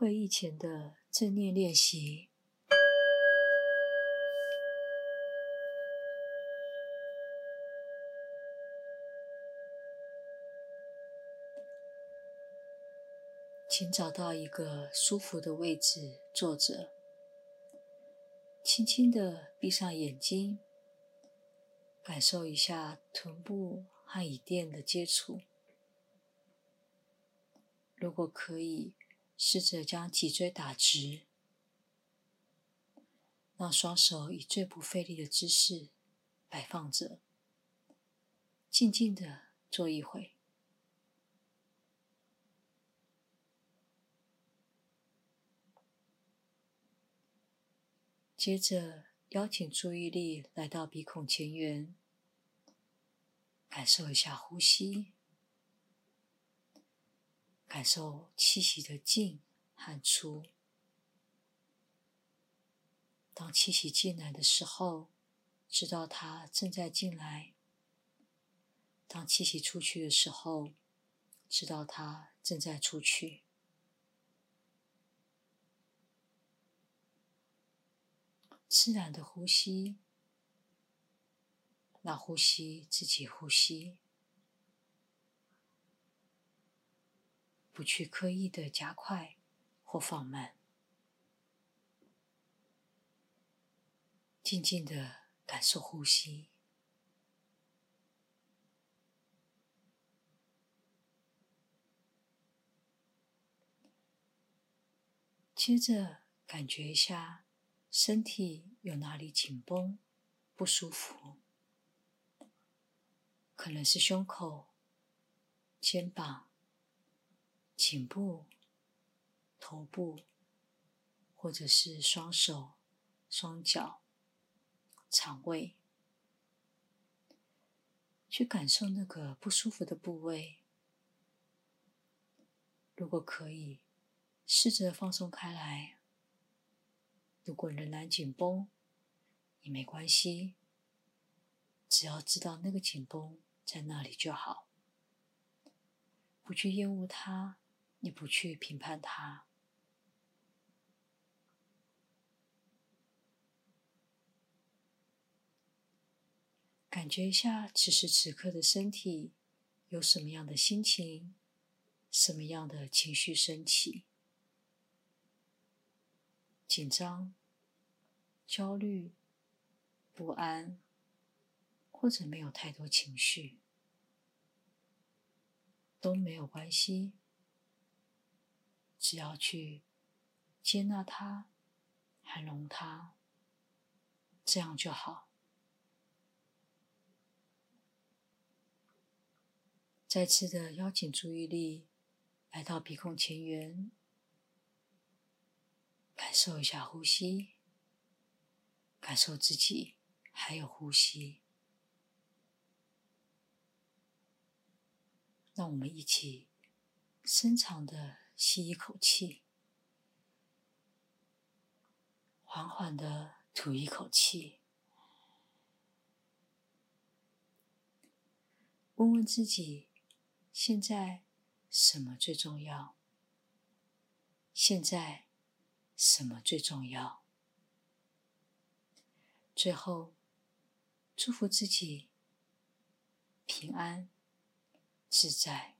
會議前的正念練習，請找到一個舒服的位置坐着，輕輕地閉上眼睛，感受一下臀部和椅墊的接觸，如果可以，試着將脊椎打直，讓雙手以最不費力的姿勢擺放着，靜靜的坐一會。接着，邀請注意力來到鼻孔前緣，感受一下呼吸。感受氣息的進和出。當氣息進來的時候，知道它正在進來；當氣息出去的時候，知道它正在出去。自然的呼吸，那呼吸自己呼吸。不去刻意的加快或放慢，靜靜的感受呼吸。接着，感覺一下身體有哪裡緊繃、不舒服，可能是胸口、肩膀。頸部、頭部，或者是雙手、雙腳、腸胃，去感受那個不舒服的部位。如果可以，試着放鬆開來。如果仍然緊繃，也沒關係，只要知道那個緊繃在那裡就好，不去厭惡它。你不去評判他，感覺一下此時此刻的身體有什麼樣的心情，什麼樣的情緒升起？緊張、焦慮、不安，或者沒有太多情緒，都沒有關係。只要去接納它，涵容它，這樣就好。再次的邀請注意力來到鼻孔前緣，感受一下呼吸，感受自己還有呼吸。讓我們一起深長的。吸一口氣，緩緩地吐一口氣，問問自己：現在什麼最重要？現在什麼最重要？最後，祝福自己平安自在。